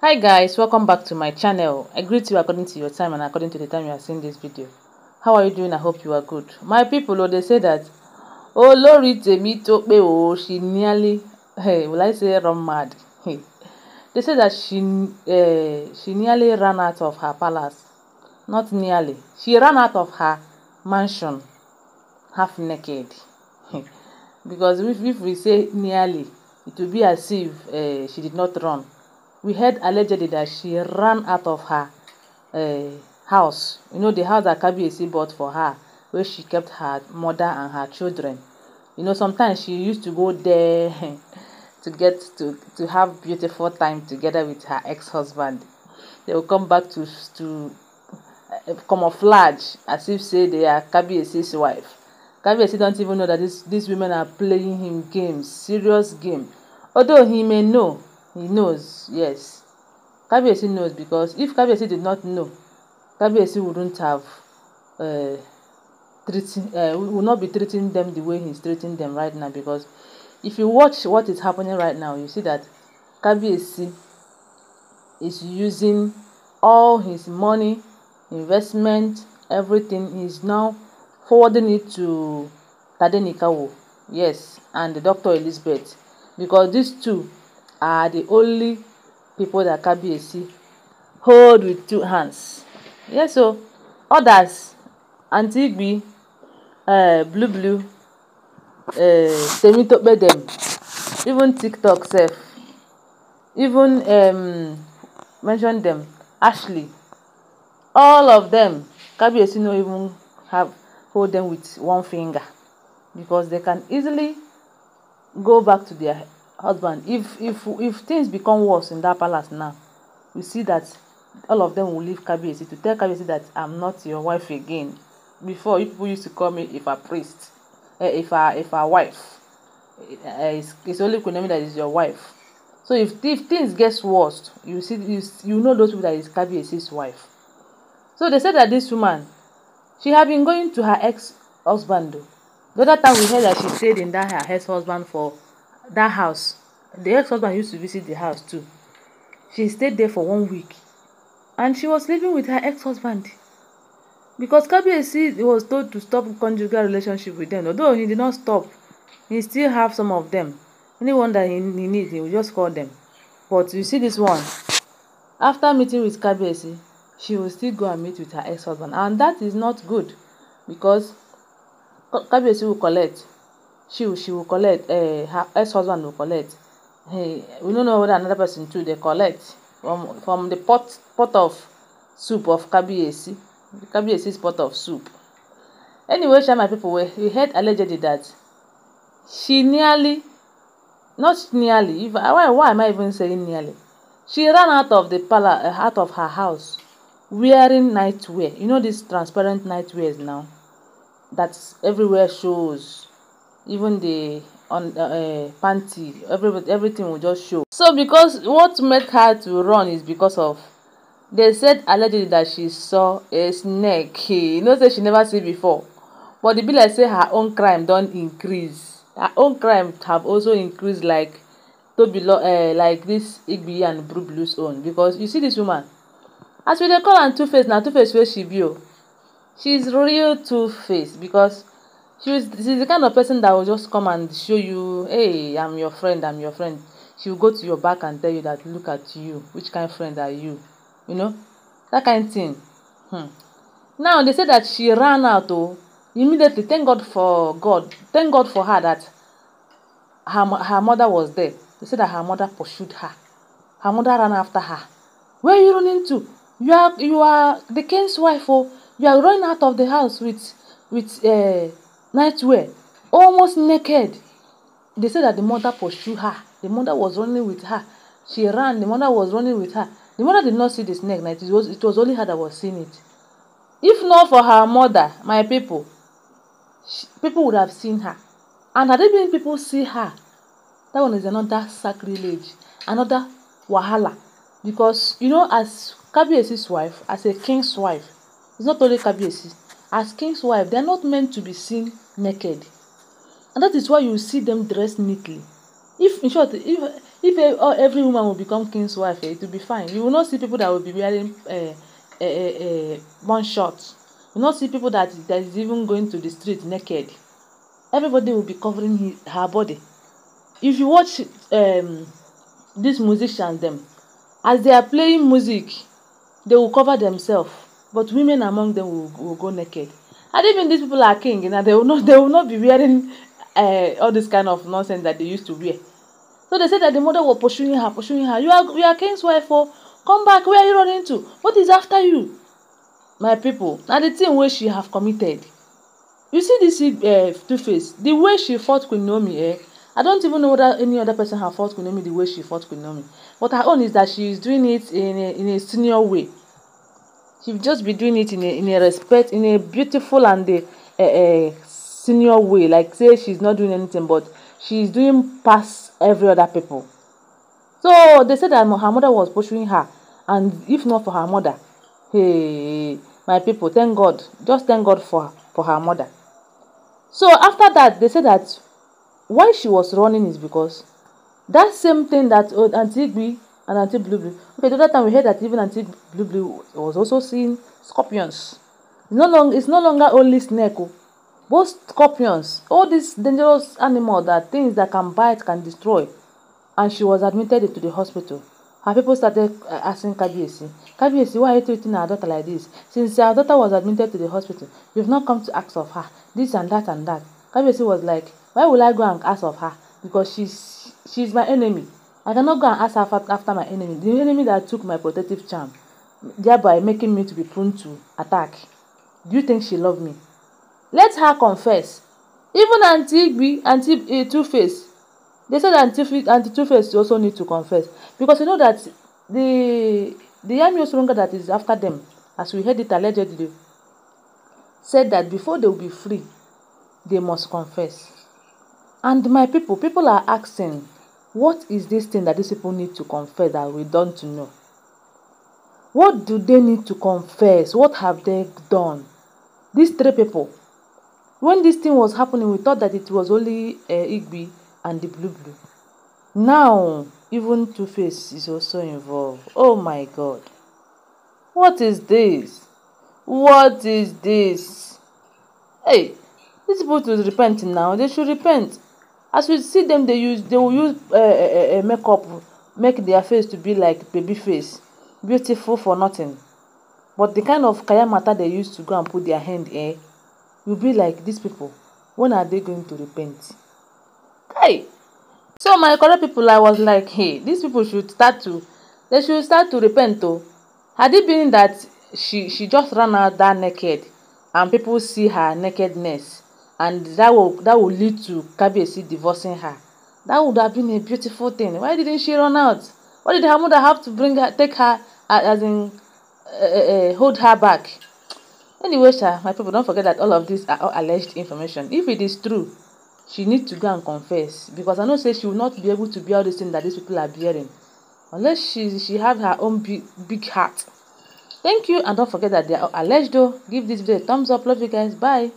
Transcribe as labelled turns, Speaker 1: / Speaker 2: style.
Speaker 1: hi guys welcome back to my channel i greet you according to your time and according to the time you are seeing this video how are you doing i hope you are good my people oh they say that oh, olórí tèmi tó pé Oh, she nearly hey will i say run mad they say that she uh, she nearly ran out of her palace not nearly she ran out of her mansion half naked because if, if we say nearly it will be as if uh, she did not run we heard allegedly that she ran out of her uh, house you know the house that kabiyesi bought for her where she kept her mother and her children you know sometimes she used to go there to get to to have beautiful time together with her ex-husband they will come back to to eh, camouflage as if say they are kabiyesi's wife kabiyesi don't even know that this these women are playing him games serious game although he may know he knows, yes. Kabiyesi knows because if Kabiyesi did not know, Kabiyesi wouldn't have uh, treating, uh, would not be treating them the way he's treating them right now. Because if you watch what is happening right now, you see that Kabiyesi is using all his money, investment, everything. He's now forwarding it to Tadenikawo, yes, and the Dr. Elizabeth. Because these two are the only people that a C hold with two hands. Yes, so others, Aunty Igbi, uh, Blue Blue, uh, eh, Temitope them, even TikTok self, even um, mention them, Ashley, all of dem, Kabiyesi no even have hold them with one finger because they can easily go back to their husband if if if things become worse in that palace now we see that all of them will leave kabiyesi to tell kabiyesi that i'm not your wife again before people used to call me if a priest eh, a if a wife eh, it's, it's only Kunemi that is your wife so if if things gets worse you see you, you know those people that is kabiyesi's wife so they said that this woman she had been going to her ex husband the other time we heard that she stayed in that her ex husband for That house the ex-husband used to visit the house too she stayed there for one week and she was living with her ex-husband because kabiyesi was told to stop conjugal relationship with them although he did not stop he still have some of them anyone that he, he need he will just call them but you see this one after meeting with kabiyesi she will still go and meet with her ex-husband and that is not good because kabiyesi will collect she she will collect eh her ex husband will collect hey we don't know whether another person too They collect from from the pot pot of soup of kabiyesi is pot of soup anyway sha my people we, heard allegedly that she nearly not nearly if why why am i even saying nearly she ran out of the palace eh, out of her house wearing nightwear you know these transparent nightwears now that everywhere shows even the on uh, uh, panty everybody everything will just show. so because what make her to run is because of they said allegedly that she saw a snake you know say she never see before but the be like say her own crime don't increase her own crime have also increased like tobilo uh, eh, like this igbiyi and Blue Blues own because you see this woman as we dey call am two face na two face where she be o oh. she is real two face because she was she's the kind of person that will just come and show you hey i'm your friend i'm your friend she will go to your back and tell you that look at you which kind of friend are you you know that kind of thing hmm. now they say that she ran out oh immediately thank god for god thank god for her that her her mother was there they say that her mother pursued her her mother ran after her where are you running to you are you are the king's wife oh you are running out of the house with with uh, nightwear, almost naked. They said that the mother pursued her. The mother was running with her. She ran. The mother was running with her. The mother did not see the snake. night. it, was, it was only her that was seeing it. If not for her mother, my people, she, people would have seen her. And had it been people see her, that one is another sacrilege, another wahala. Because, you know, as Kabiesi's wife, as a king's wife, it's not only Kabiesi, as king's wife, they are not meant to be seen naked. And that is why you see them dressed neatly. If, in short, if, if uh, every woman will become king's wife, eh, it will be fine. You will not see people that will be wearing uh, uh, uh, one shot. You will not see people that, that is even going to the street naked. Everybody will be covering his, her body. If you watch um, these musicians, them, as they are playing music, they will cover themselves but women among them will, will go naked. And even these people are king, you know, they will not they will not be wearing uh, all this kind of nonsense that they used to wear. So they said that the mother was pursuing her, pursuing her. You are you are king's wife, oh, come back, where are you running to? What is after you? My people, Now the thing where she have committed. You see this uh, eh, two-face, the way she fought Queen Naomi, eh? I don't even know whether any other person have fought Queen Naomi the way she fought Queen Naomi. But her own is that she is doing it in a, in a senior way she'll just be doing it in a in a respect in a beautiful and a, a, a senior way like say she's not doing anything but she's doing past every other people so they said that her mother was pursuing her and if not for her mother hey my people thank god just thank god for for her mother so after that they said that why she was running is because that same thing that oh, auntie and Auntie Blue Blue. Okay, the other time we heard that even Auntie Blue Blue was also seeing scorpions. It's no, long, it's no longer only snake, oh. both scorpions, all these dangerous animals that things that can bite, can destroy. And she was admitted into the hospital. Her people started uh, asking Kabiesi, Kabiesi, why are you treating our daughter like this? Since our daughter was admitted to the hospital, you've not come to ask of her this and that and that. Kabiesi was like, why will I go and ask of her? Because she's she's my enemy. I cannot go and ask after my enemy, the enemy that took my protective charm, thereby making me to be prone to attack. Do you think she loved me? Let her confess. Even Auntie Igby, Auntie uh, Two-Face, they said Auntie, Auntie Two-Face also need to confess. Because you know that the, the Yami stronger that is after them, as we heard it allegedly, said that before they will be free, they must confess. And my people, people are asking, what is this thing that these people need to confess that we don't know? What do they need to confess? What have they done? These three people. When this thing was happening, we thought that it was only uh, eh, Igby and the Blue Blue. Now, even Two Face is also involved. Oh my God. What is this? What is this? Hey, these people should repent now. They should repent. as we see them, dey use they will use uh, uh, uh, makeup make their face to be like baby face beautiful for nothing but the kind of kaya matter they use to go and put their hand eh will be like these people when are they going to repent hey so my correct people i was like hey these people should start to they should start to repent though. had it been that she she just ran out that naked and people see her nakedness and that will that will lead to Kabiyesi divorcing her. That would have been a beautiful thing. Why didn't she run out? Why did her mother have to bring her, take her, as in, uh, uh, hold her back? Anyway, sir, my people, don't forget that all of these are all alleged information. If it is true, she needs to go and confess because I know say she will not be able to bear this thing that these people are bearing unless she she have her own big, big heart. Thank you and don't forget that they are alleged though. Give this video a thumbs up. Love you guys. Bye.